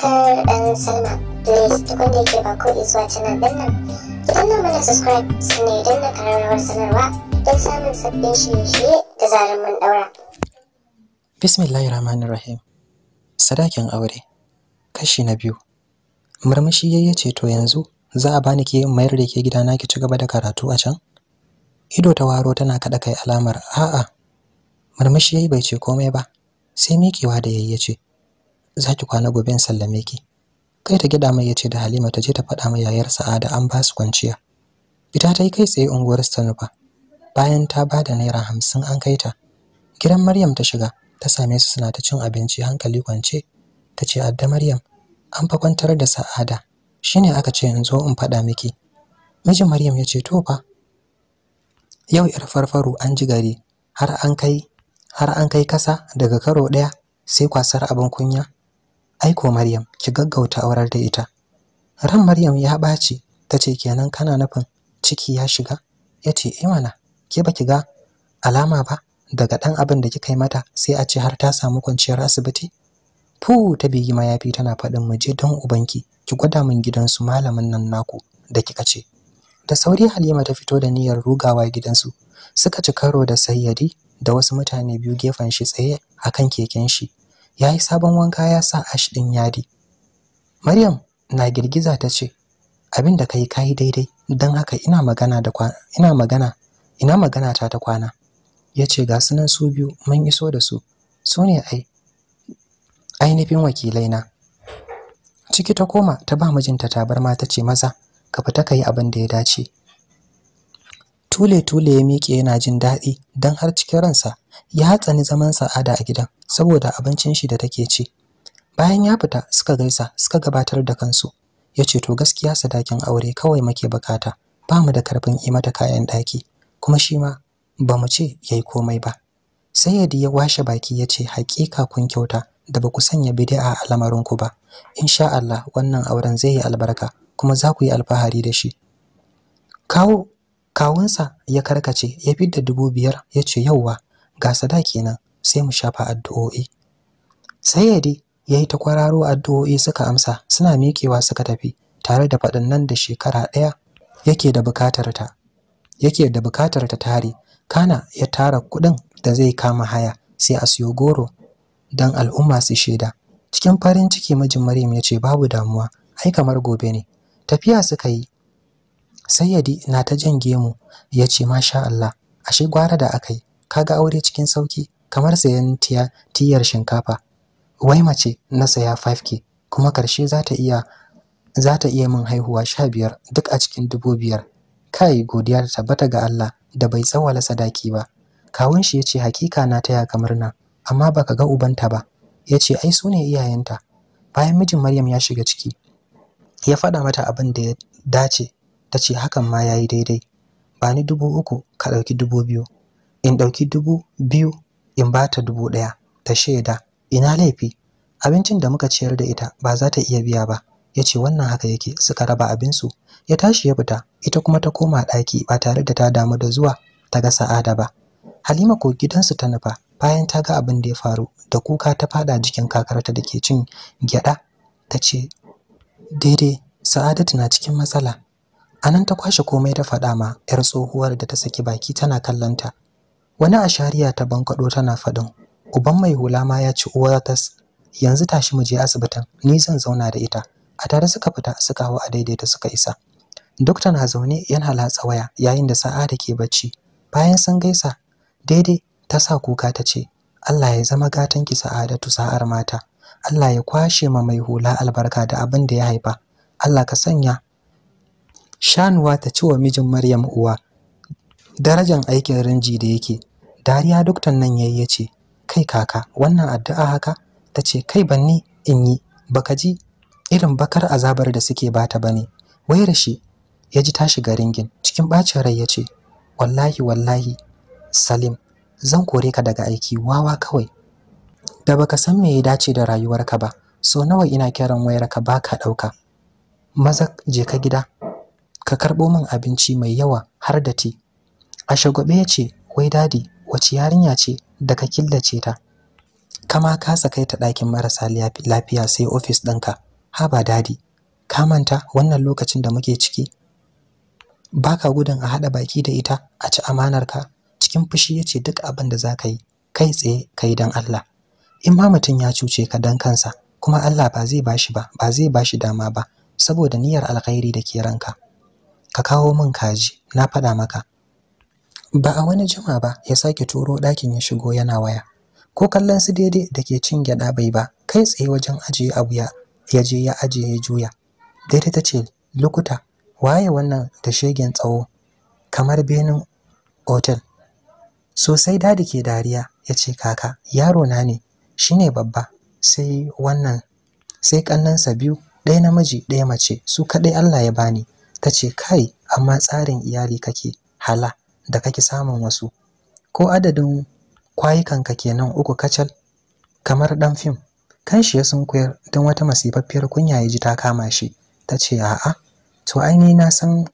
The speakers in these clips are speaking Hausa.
subscribe and sign up. Please tukunde ke ba ko zuwa canal din nan. Ki danna mana subscribe sannan idan na karar sanarwa don samun sabbin shirye-shirye da zarar mun daura. Bismillahirrahmanirrahim. Sadakin aure. Kashi na biyu. Murmushi yayye ce to yanzu za a bani ke mayar da ke gidana ki ci gaba da karatu a can? Ido ta waro tana kada kai alamar a'a. Murmushi yayi bai ce komai ba. Sai mikewa da yayye ce za ki kwana gobe in sallame ki kai ta gida mai yace da Halima ta je ta faɗa ma yayar Sa'ada an ba su kwanciya fita ta yi kai tsaye unguwar Sanufa bayan ta ba da naira hamsin an kai ta gidan Maryam ta shiga ta same su suna ta cin abinci hankali kwance ta ce adda Maryam an fa kwantar da Sa'ada shine aka ce in zo in faɗa miki mijin Maryam ya ce to fa yau yar farfaru an ji gari har an kai har an kai kasa daga karo ɗaya sai kwasar abin kunya aiko Maryam ki gaggauta aurar da ita ran Maryam ya ɓaci tace kenan kana nufin ciki ya shiga yace eh mana ke baki ga alama ba daga dan abin da kika yi mata sai a ce har ta samu kwanciyar asibiti fu ta bigi mayafi tana faɗin mu je don ubanki ki gwada min gidansu malamin nan naku da kika ce da sauri Halima ta fito da niyyar rugawa gidansu suka ci karo da Sayyadi da wasu mutane biyu gefen shi tsaye akan keken shi ya yi sabon wanka ya sa ash ɗin yadi. Maryam na girgiza ta ce, abin da kai kayi daidai dan haka ina magana da kwa ina magana ina magana ta ta kwana ya ce ga sunan su biyu mun iso da su su ne ai ainihin wakilai na ciki ta koma ta ba mijinta tabarma ta ce maza ka fita kayi abinda abin da ya dace tule-tule ya miƙe yana jin daɗi don har cikin ransa ya tsani zaman sa'ada a gidan saboda abincin shi da take ci. Bayan ya fita suka gaisa suka gabatar da kansu. Ya ce to gaskiya sadakin aure kawai muke bukata, ba mu da karfin yi mata kayan ɗaki, kuma shi ma ba mu ce ya yi komai ba. Sai Yadi ya washe baki ya ce haƙiƙa kun kyauta da ba ku sanya bidi'a a lamarinku ba. Insha Allah wannan auren zai yi albarka kuma za ku yi alfahari da shi. Kawo kawunsa ya karkace ya fidda dubu biyar ya ce yauwa ga sadaki nan sai mu shafa addu'o'i sai ya yadi ya yi ta kwararo addu'o'i suka amsa suna miƙewa suka tafi tare da faɗin nan da shekara ɗaya yake da buƙatar ta yake da buƙatar ta tare kana ya tara kuɗin da zai kama haya sai a siyo goro don al'umma su shaida cikin farin ciki mijin maryam ya ce babu damuwa ai kamar gobe ne tafiya suka yi sayyadi na ta jan gemu ya ce masha Allah ashe gwara da akai kaga aure cikin sauki kamar sayan tiya tiyar shinkafa wai mace na saya 5k kuma karshe za ta iya za ta iya min haihuwa 15 duk a cikin 2500 kai godiya ta tabbata ga Allah da bai tsawala sadaki ba kawun shi yace hakika na taya kamar na amma baka ga ubanta ba yace ai su ne iyayenta bayan mijin Maryam ya shiga ciki ya faɗa mata abin da ya dace ta ce hakan ma ya yi daidai ba ni dubu uku ka ɗauki dubu biyu in ɗauki dubu biyu in ba ta dubu ɗaya ta shaida ina laifi abincin da muka ciyar da ita ba za ta iya biya ba ya ce wannan haka yake suka raba abinsu ya tashi ya fita ita kuma ta koma ɗaki ba tare da ta damu da zuwa ta ga sa'ada ba halima ko gidansu ta nufa bayan ta ga abin da ya faru da kuka ta fada jikin kakarta da ke cin gyada? ta ce daidai sa'adatu na cikin matsala anan ta kwashe komai ta faɗa ma yar tsohuwar da ta saki baki tana kallanta wani ashariya ta bankaɗo tana faɗin uban mai hula ma ya ci uwar tas yanzu tashi mu je asibitin ni zan zauna da ita a tare suka fita suka hawa a daidaita suka isa dokta na zaune yana latsa waya yayin da sa'a da ke bacci bayan sun gaisa daidai ta sa kuka ta ce Allah ya zama gatan da sa'adatu sa'ar mata Allah ya kwashe ma mai hula albarka da abin da ya haifa Allah ka sanya shanuwa ta ci wa mijin Maryam uwa darajan aikin rinji da yake dariya doktan nan yayi yace kai kaka wannan addu'a haka tace kai banni in yi baka ji irin bakar azabar da suke bata bane wayar shi ya ji tashi ringin cikin bacin rai yace wallahi wallahi Salim zan kore ka daga aiki wawa kawai da baka san me ya dace da rayuwarka ba so nawa ina kiran wayarka baka ɗauka. maza je ka gida ka karɓo min abinci mai yawa har da ti a shagwabe ya ce wai dadi wace yarinya ce da ka killace ta kama kasa kai ta ɗakin marasa lafiya sai ofis ɗinka ba dadi ka manta wannan lokacin da muke ciki Ba ka gudun a haɗa baki da ita a ci amanar ka. cikin fushi ya ce duk abin da za ka yi kai tsaye ka yi don Allah in ma mutum ya cuce ka don kansa kuma Allah ba zai ba shi ba ba zai bashi dama ba saboda niyyar alkhairi da ke ranka ka kawo min kaji na faɗa maka ba a wani jima ba ya sake turo ɗakin ya shigo yana waya ko kallon su daidai da ke cin gyaɗa bai ba kai tsaye wajen ajiye abu ya ya je ya ajiye ya juya daidai ta ce lokuta waye wannan da shegen tsawo kamar benin otel sosai dadi ke dariya ya ce kaka yaro na ne shine babba sai wannan sai kannansa biyu ɗaya namiji ɗaya mace su kaɗai Allah ya bani ta ce kai amma tsarin iyali kake hala da kake samun wasu ko adadin kwayukanka kenan uku kacal kamar dan fim kan shi ya sunkuyar don wata masifaffiyar kunya ya ji ta kama shi ta ce a'a to aini na san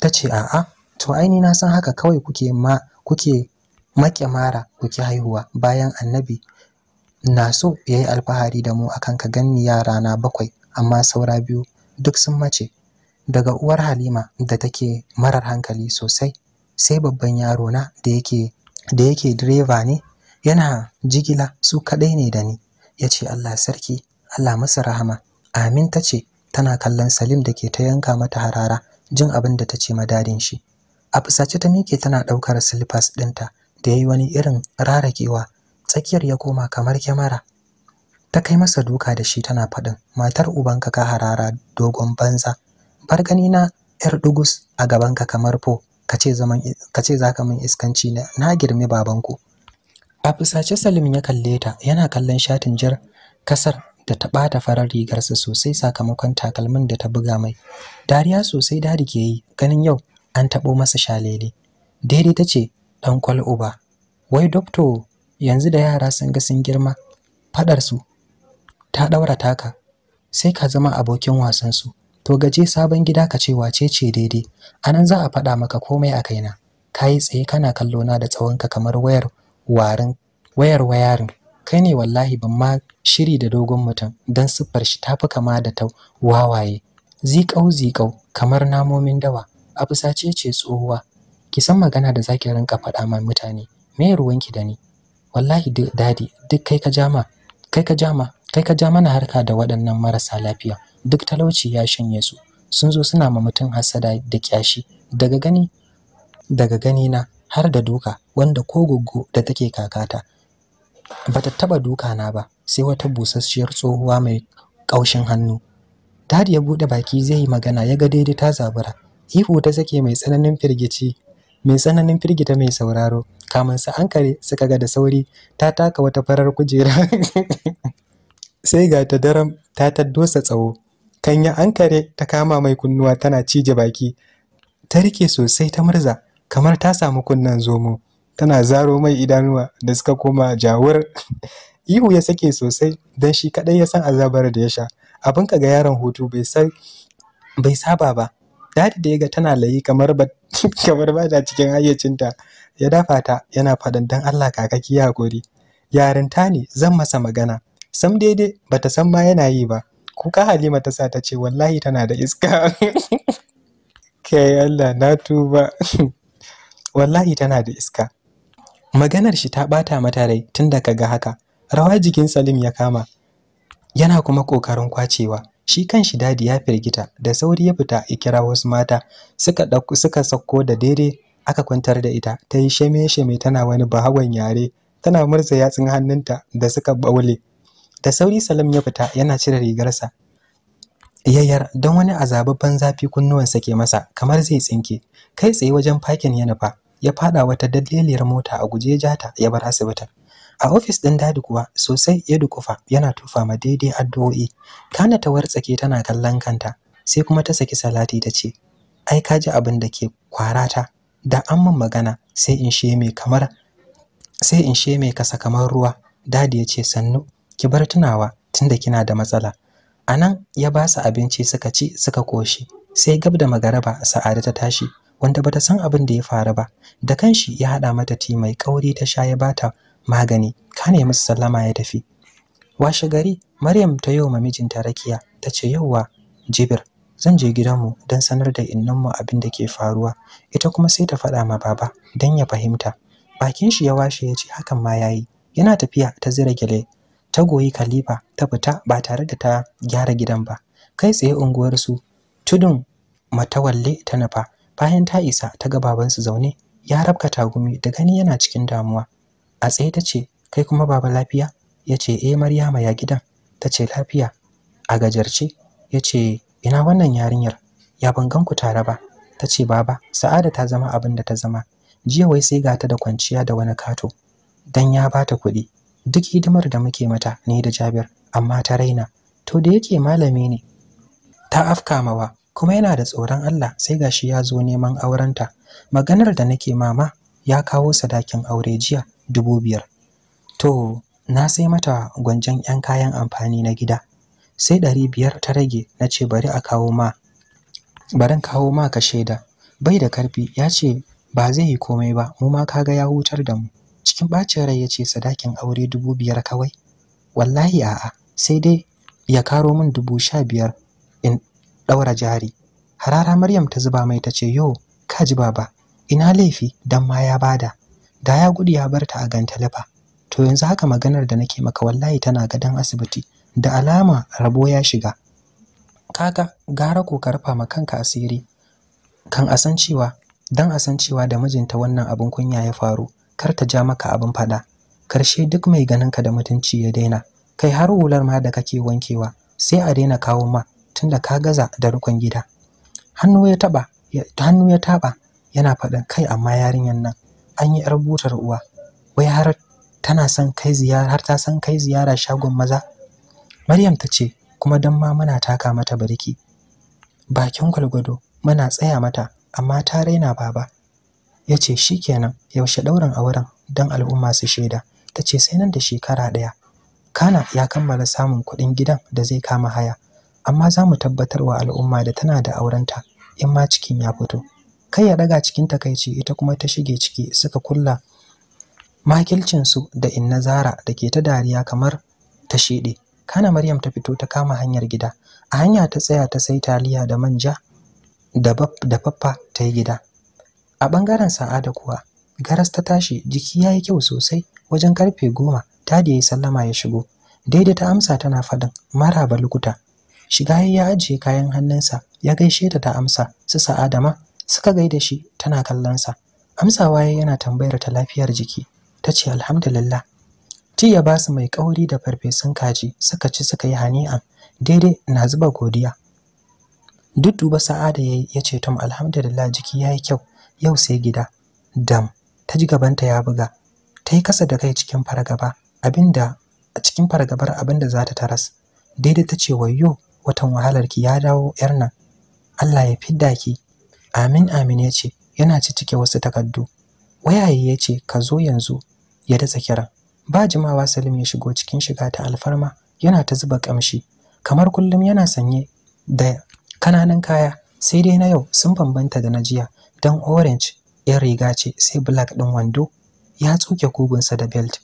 ta ce a'a to aini na san haka kawai kuke ma kuke maƙyamara kuke haihuwa bayan annabi na so ya yi alfahari da mu akan ka ganni yara na bakwai amma saura biyu duk sun mace daga uwar Halima da take marar hankali sosai sai babban yaro na da yake da yake direba ne yana jigila su kadai ne da ni yace Allah sarki Allah masa rahama amin tace tana kallon Salim da ke ta yanka mata harara jin abin da ta tace dadin shi a fusace ta mike tana daukar slippers dinta da yayi wani irin rarakewa tsakiyar ya koma kamar kyamara ta kai masa duka da shi tana faɗin matar ubanka ka harara dogon banza Bar gani na yar dugus a gabanka kamar Po. kace zaman kace zaka min iskanci na na girmi babanku a fusace Salim ya kalle ta yana kallon shatin jar kasar da ta bata farar rigarsa sosai sakamakon takalmin da ta buga mai dariya sosai dadi ke yi ganin yau an tabo masa shalele daidai ta ce dan kwal uba wai doctor yanzu da yara sun ga sun girma fadar su ta daura taka sai ka zama abokin wasan su to gaje sabon gida ka ce wace ce daidai anan za a faɗa maka komai a kaina Ka yi tsaye kana kallo na da tsawonka kamar wayar warin wayar wayarin kai ne wallahi ban ma shiri da dogon mutum don siffar shi tafi kama da ta wawaye zikau zikau kamar namomin dawa a fusace ce tsohuwa ki san magana da zaki rinka faɗa ma mutane me ruwanki da ni wallahi dadi duk kai ka jama kai ka jama kai ka ja mana harka da waɗannan marasa lafiya duk talauci ya shanye su sun zo suna ma mutum hasada da kyashi daga gani daga gani na har da duka wanda ko goggo da take kakata Ba ta taba duka na ba sai wata busasshiyar tsohuwa mai kaushin hannu dadi ya bude baki zai yi magana ya ga daidai ta zabura ihu ta sake mai tsananin firgici mai tsananin firgita mai sauraro kamun su ankare suka ga da sauri ta taka wata farar kujera sai ga ta daram ta taddosa tsawo Kanya ankare ta kama mai kunnuwa tana cije baki. Ta rike sosai ta murza kamar ta samu kunnen zomo. Tana zaro mai idanuwa da suka koma jawur. Ihu ya sake sosai don shi kaɗai ya san azabar da ya sha. Abin ka ga yaron hutu bai bai saba ba. Dadi da ya ga tana layi kamar ba kamar ba ta cikin hayyacinta ya dafa ta yana faɗin dan Allah kakaki ya hakuri. Yarinta ne zan masa magana. Sam daidai bata san ma yana yi ba. kuka halima ta sa ta ce wallahi tana da iska ke allah na tuba wallahi tana da iska maganar shi ta bata mata rai tun da kaga haka rawa jikin salim ya kama yana kuma kokarin kwacewa shi kan shi dadi ya firgita da sauri ya fita ya kira wasu mata suka dauko suka sako da daidai aka kwantar da ita ta yi sheme sheme tana wani bahawan yare tana murza yatsun hannunta da suka baule da sauri salam ya fita yana cire rigarsa Yayar don wani azababban zafi kunnuwansa ke masa kamar zai tsinke kai tsaye wajen fakin ya nufa ya fada wata dalliliyar mota a guje jata ya bar asibitin a ofis din dadi kuwa sosai ya dukufa yana tufa ma daidai addu'o'i kana ta wartsake tana kallon kanta sai kuma ta saki salati ta ce ai ka ji abin da ke kwarata da an min magana sai in she mai kamar sai in she mai kasa kamar ruwa dadi ya ce sannu ki bar tunawa tunda kina da matsala anan ya ba su abinci suka ci suka koshi sai gab da magaraba sa'ada ta tashi wanda bata san abin da ya faru ba da kanshi ya hada mata ti mai kauri ta sha ya bata magani kane musu sallama ya tafi washe gari Maryam ta yi wa mijinta rakiya ta ce yauwa Jibir zan je gidanmu don sanar da innanmu abin da ke faruwa ita kuma sai ta faɗa ma baba don ya fahimta bakin shi ya washe ya ce hakan ma yayi yana tafiya ta zira gele ta goyi Khalifa ta fita ba tare da ta gyara gidan ba kai tsaye unguwarsu. tudun matawalle ta nufa bayan ta isa ta ga babansu zaune ya rabka tagumi da gani yana cikin damuwa a tsaye ta ce kai kuma baba lafiya ya ce eh maryama ya gidan ta ce lafiya a gajarce ya ce ina wannan yarinyar ya ban ku tare ba ta ce baba sa'ada ta zama abin da ta zama jiya wai sai gata da kwanciya da wani kato dan ya bata kuɗi duk hidimar da muke mata ne da Jabir amma ta raina to da yake malami ne ta afka mawa kuma yana da tsoron Allah sai gashi ya zo neman aurenta maganar da nake mama ya kawo sadakin aure jiya dubu biyar to na sai mata gwanjan 'yan kayan amfani na gida sai ɗari biyar ta rage na ce bari a kawo ma barin kawo ma ka shaida bai da karfi ya ce ba zai yi komai ba mu ma kaga ya hutar da mu cikin bacin rai ya ce sadakin aure dubu biyar kawai wallahi a'a sai dai ya karo min dubu sha biyar in ɗaura jari harara maryam ta zuba mai ta ce yo ka ji baba ina laifi dan ma ya bada da ya gudu ya barta a lafa to yanzu haka maganar da nake maka wallahi tana gadon asibiti da alama rabo ya shiga kaga gara ko ka rufa ma kanka asiri kan asan cewa dan asan cewa da mijinta wannan abin kunya ya faru kar ta ja maka abin faɗa karshe duk mai ganin ka da mutunci ya daina kai har hular ma da kake wankewa sai a daina kawo ma tunda ka gaza da rukun gida hannu ya taba hannu ya taba yana faɗin kai amma yarinyar nan an yi 'yar butar uwa wai har tana son kai ziyara har ta san kai ziyara shagon maza Maryam ta ce kuma dan ma muna taka mata bariki. bakin gwalgwado muna tsaya mata amma ta raina baba ya ce shi kenan yaushe ɗaurin auren don al'umma su shaida ta ce sai nan da shekara ɗaya kana ya kammala samun kuɗin gidan da zai kama haya amma za mu tabbatar wa al'umma da tana da aurenta in ma cikin ya fito kai ya ɗaga cikin takaici ita kuma ta shige ciki suka kulla makilcinsu da inna zara da ke ta dariya kamar ta shiɗe kana maryam ta fito ta kama hanyar gida a hanya ta tsaya ta sai taliya da manja da faffa ta yi gida a ɓangaren sa'ada kuwa garas ta tashi jiki ya yi kyau sosai wajen karfe goma ta da ya sallama ya shigo daidai ta amsa tana faɗin ba lukuta shiga ya ajiye kayan hannunsa ya gaishe ta ta amsa su sa'ada ma suka gaida shi tana kallonsa amsawa ya yana tambayar ta lafiyar jiki ta ce alhamdulillah Tiya ya ba su mai kauri da farfesun kaji suka ci suka yi hani'an daidai na zuba godiya Duk duba sa'ada ya ce tom alhamdulillah jiki ya yi kyau yau sai gida dam ta ji gabanta ya buga ta yi kasa da kai cikin fargaba abinda a cikin fargabar abinda za ta taras daidai ta ce wayyo watan wahalar ki ya dawo yar nan Allah ya fidda ki amin amin ya ce yana ci cike wasu takardu wayaye ya ce ka zo yanzu ya datsa kira ba jimawa Salim ya shigo cikin shiga ta alfarma yana ta zuba kamshi kamar kullum yana sanye da kananan kaya sai dai na yau sun bambanta da na jiya Dan orange yan riga ce sai black ɗin wando ya tsuke kugunsa da belt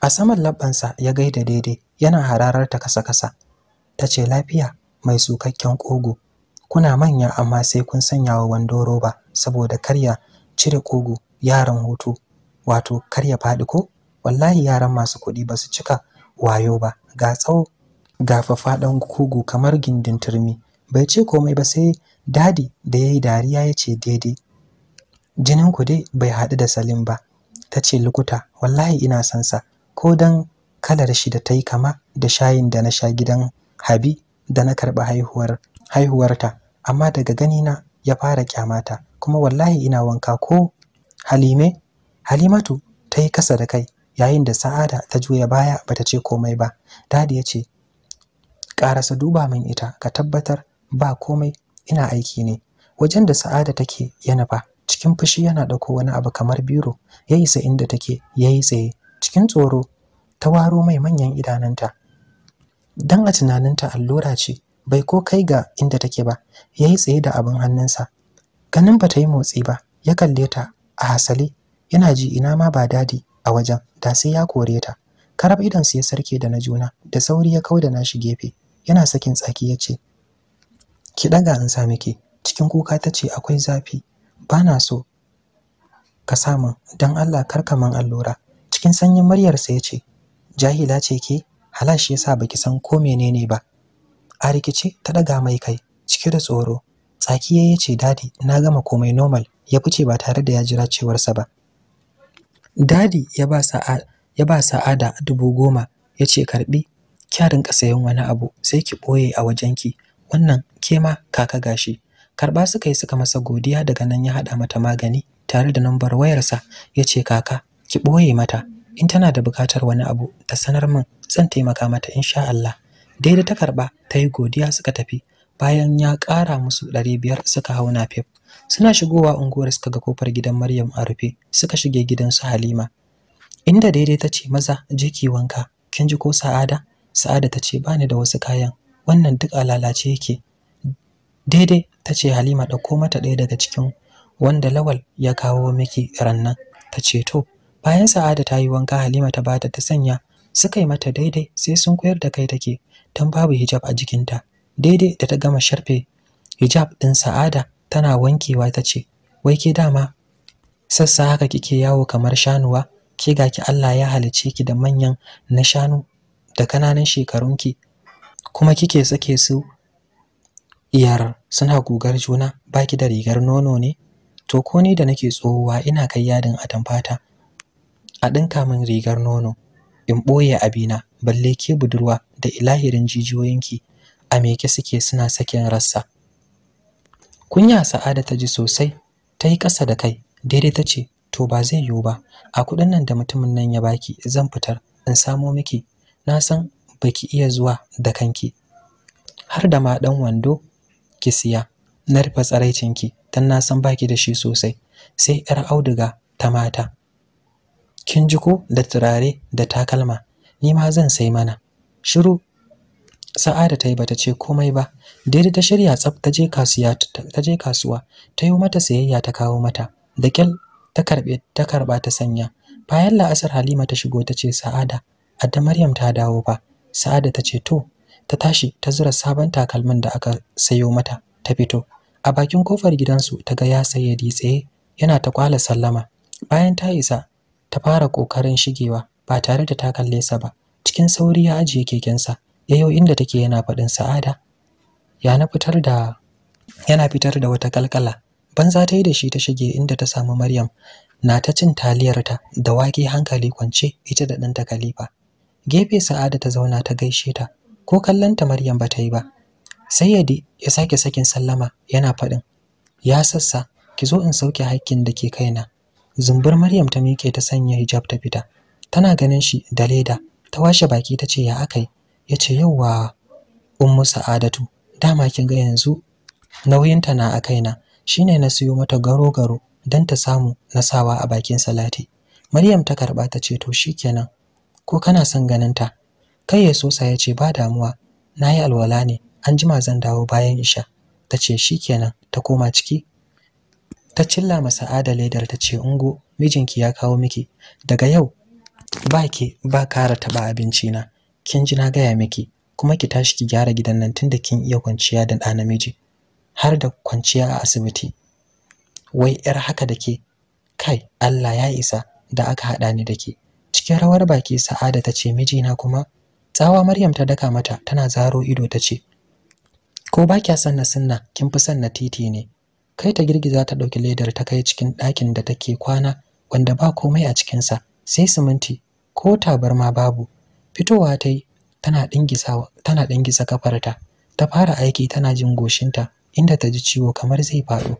a saman labbansa ya gaida daidai yana hararar ta kasa-kasa ta ce lafiya mai sukakken kugu. kuna manya amma sai kun sanya wa wando roba saboda karya cire kugu yaran hutu wato karya faɗi ko wallahi yaran masu kuɗi ba su cika wayo ba ga tsawo ga fafadan kugu kamar gindin turmi bai ce komai ba sai dadi da ya yi dariya ya ce daidai jininku dai bai haɗu da salim ba ta ce lukuta wallahi ina son sa ko dan kalar shi da ta yi kama da shayin da na sha gidan habi da na karɓi haihuwar haihuwarta amma daga ganina ya fara kyamata kuma wallahi ina wanka ko halime halimatu ta yi kasa da kai yayin da sa'ada ta juya baya bata ce komai ba dadi ya ce ƙarasa duba min ita ka tabbatar ba komai ina aiki ne wajen da sa'ada take yana ba, cikin fushi yana ɗauko wani abu kamar biro ya isa inda take ya yi tsaye cikin tsoro ta waro mai manyan idanunta dan a tunaninta allura ce bai ko kai ga inda take ba ya yi tsaye da abin hannunsa ganin ba ta yi motsi ba ya kalle ta a hasali yana ji ina ma ba dadi a wajen da sai ya kore ta karab idan su ya sarke da na juna da sauri ya kauda shi gefe yana sakin tsaki ya ce ki ɗaga in sa miki cikin kuka ta ce akwai zafi ba na so ka sa don Allah kar ka man allura cikin sanyin muryarsa ya ce jahila ce ki, halashi ya sa baki san ko menene ba a rikice ta ɗaga mai kai ciki da tsoro tsaki ya ce dadi na gama komai normal ya fice ba tare da ya jira cewarsa ba dadi ya ba sa'a ya sa'ada dubu goma ya ce karbi kyarin ka sayan wani abu sai ki ɓoye a wajenki wannan ke ma kaka gashi karba suka yi suka masa godiya daga nan ya haɗa mata magani tare da nambar wayarsa ya ce kaka ki ɓoye mata in tana da buƙatar wani abu ta sanar min zan taimaka mata insha Allah daidai ta karɓa ta yi godiya suka tafi bayan ya ƙara musu ɗari biyar suka hau nafef suna shigowa unguwar suka ga kofar gidan Maryam a rufe suka shige gidan su Halima inda daidai ta ce maza je ki wanka kin ji ko Sa'ada Sa'ada ta ce bani da wasu kayan wannan duk a lalace yake daidai ta ce halima ɗauko mata ɗaya daga cikin wanda lawal ya kawo miki rannan ta ce to bayan sa'ada ta yi wanka halima ta bata ta sanya suka yi mata daidai sai sun koyar da kai take don babu hijab a jikinta daidai da ta gama sharfe hijab ɗin sa'ada tana wankewa ta ce wai ke dama sassa haka kike yawo kamar shanuwa ke ga ki Allah ya halicci ki da manyan na shanu da kananan shekarunki kuma kike sake su iyar suna gugar juna ba ki da rigar nono ne to ko ni da nake tsohuwa ina kai yadin atamfata a ɗinka min rigar nono in ɓoye abina balle ke budurwa da ilahirin jijiyoyinki a meke suke suna sakin rassa kunya sa'ada ta ji sosai ta yi ƙasa da kai daidai ta ce to ba zai yiwu ba a kuɗin nan da mutumin nan ya baki zan fitar in samo miki na san baki iya zuwa da kanki har da ma dan wando ki siya na rufe tsaraicinki dan na san baki da shi sosai sai yar auduga ta mata kin ji ko da turare da takalma ni ma zan sai mana shiru sa'ada ta yi bata ce komai ba daidai ta shirya tsaf ta je kasuwa ta je kasuwa ta yi mata sayayya ta kawo mata da kyal ta karbe ta karba ta sanya bayan la'asar halima ta shigo ta ce sa'ada adda maryam ta dawo ba. Sa'ada ta ce to, ta tashi ta zura sabon takalmin da aka sayo mata, ta fito. A bakin kofar gidansu ta ga ya sayyadi tsaye yana ta kwala sallama. Bayan ta isa, ta fara kokarin shigewa ba tare da ta kalle sa ba. Cikin sauri ya ajiye kekensa, yayo inda take yana faɗin Sa'ada. yana fitar da yana fitar da wata kalkala. Banza ta yi da shi ta shige inda ta samu Maryam na ta cin taliyar ta da wake hankali kwance ita da ɗanta Khalifa. gefe sa'ada ta zauna ta gaishe ta ko kallon ta maryam ba ta yi ba sai yadi ya sake sakin sallama yana faɗin ya sassa ki zo in sauke haƙƙin da ke kaina zumbur maryam ta miƙe ta sanya hijab ta fita tana ganin shi da leda ta washe baki ta ce ya akai ya ce yauwa ummu sa'adatu dama kin ga yanzu nauyinta na a kaina shine na siyo mata garo-garo don ta samu nasawa a bakin salati maryam ta karɓa ta ce to shikenan ko kana son ganin ta kai ya sosa ya ce ba damuwa na yi alwala ne an jima zan dawo bayan isha ta ce kenan, ta koma ciki ta cilla masa ada ledar ta ce ungo mijinki ya kawo miki daga yau ba ke ba kara taba abinci na kin ji na gaya miki kuma ki tashi ki gyara gidan nan tunda kin iya kwanciya da ɗana namiji har da kwanciya a asibiti wai yar haka da ke kai Allah ya isa da aka haɗa ni da ke cikin rawar baki sa'ada ta ce mijina kuma tsawa maryam ta daka mata tana zaro ido ta ce ko ba kya san na sunna kin fi san na titi ne kai ta girgiza ta ɗauki ledar ta kai cikin ɗakin da take kwana wanda ba komai a cikinsa sai siminti ko tabarma babu fitowa ta yi tana ɗingisa kafarta ta fara aiki tana jin goshinta inda ta ji ciwo kamar zai faɗo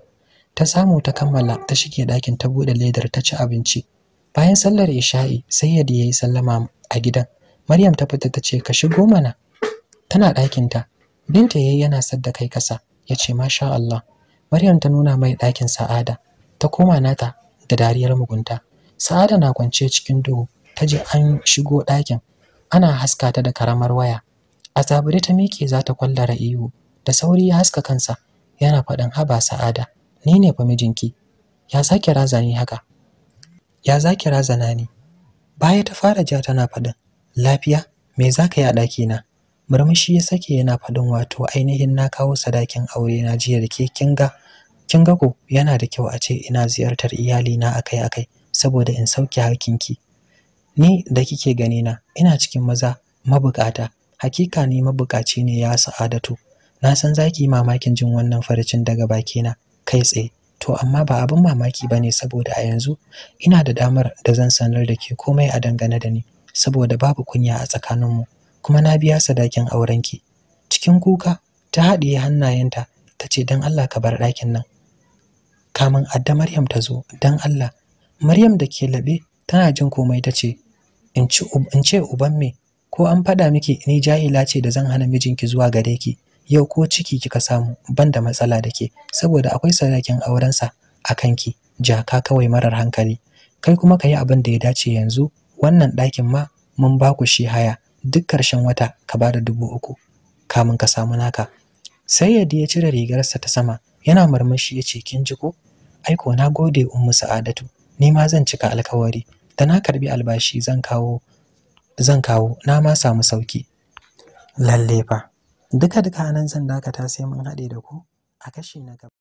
ta samu ta kammala ta shige ɗakin ta buɗe ledar ta ci abinci bayan sallar isha'i sai ya yi sallama a gidan maryam ta fita ta ce ka shigo mana tana ɗakin ta binta yayi yana sadda kai kasa ya ce masha Allah maryam ta nuna mai ɗakin sa'ada ta koma nata da dariyar mugunta sa'ada na kwance cikin duhu ta je an shigo ɗakin ana haska ta da karamar waya a tsabiri ta miƙe za ta kwallara ihu da sauri ya haska kansa yana faɗin haba sa'ada ni ne fa mijinki ya sake razani haka ya za ki razana ni baya ta fara ja tana faɗin lafiya me za ka yi a ɗakina murmushi ya sake yana faɗin wato ainihin na kawo sadakin aure na jiya da ke kinga. Kinga yana da kyau a ce ina ziyartar iyalina akai-akai saboda in sauke ki. ni da kike gani na ina cikin maza mabukata hakika ni mabukaci ne ya sa'adatu na san zaki mamakin jin wannan farcin daga bakina kai tsaye to amma ba abin mamaki ba ne saboda a yanzu ina da damar da zan sanar da ke komai a dangane da ni saboda babu kunya a tsakaninmu kuma na biya sadakin aurenki cikin kuka ta haɗiye hannayenta ta ce don Allah ka bar ɗakin nan kamin adda Maryam ta zo don Allah Maryam da ke laɓe tana jin komai ta ce in ce uban me ko an faɗa miki ni jahila ce da zan hana mijinki zuwa gare ki yau ko ciki kika samu ban da matsala da ke saboda akwai sadakin aurensa a kanki jaka kawai marar hankali kai kuma ka yi abin da ya dace yanzu wannan ɗakin ma mun ba ku shi haya duk ƙarshen wata ka ba da dubu uku kamun ka samu naka sai yadda ya cire rigarsa ta sama yana murmushi ya ce kin ji ko aiko na gode in ummu sa'adatu ni ma zan cika alkawari da na karbi albashi zan kawo zan kawo na ma samu sauki lalle fa duka duka nan zan dakata sai mun haɗe da ku a kashi na gaba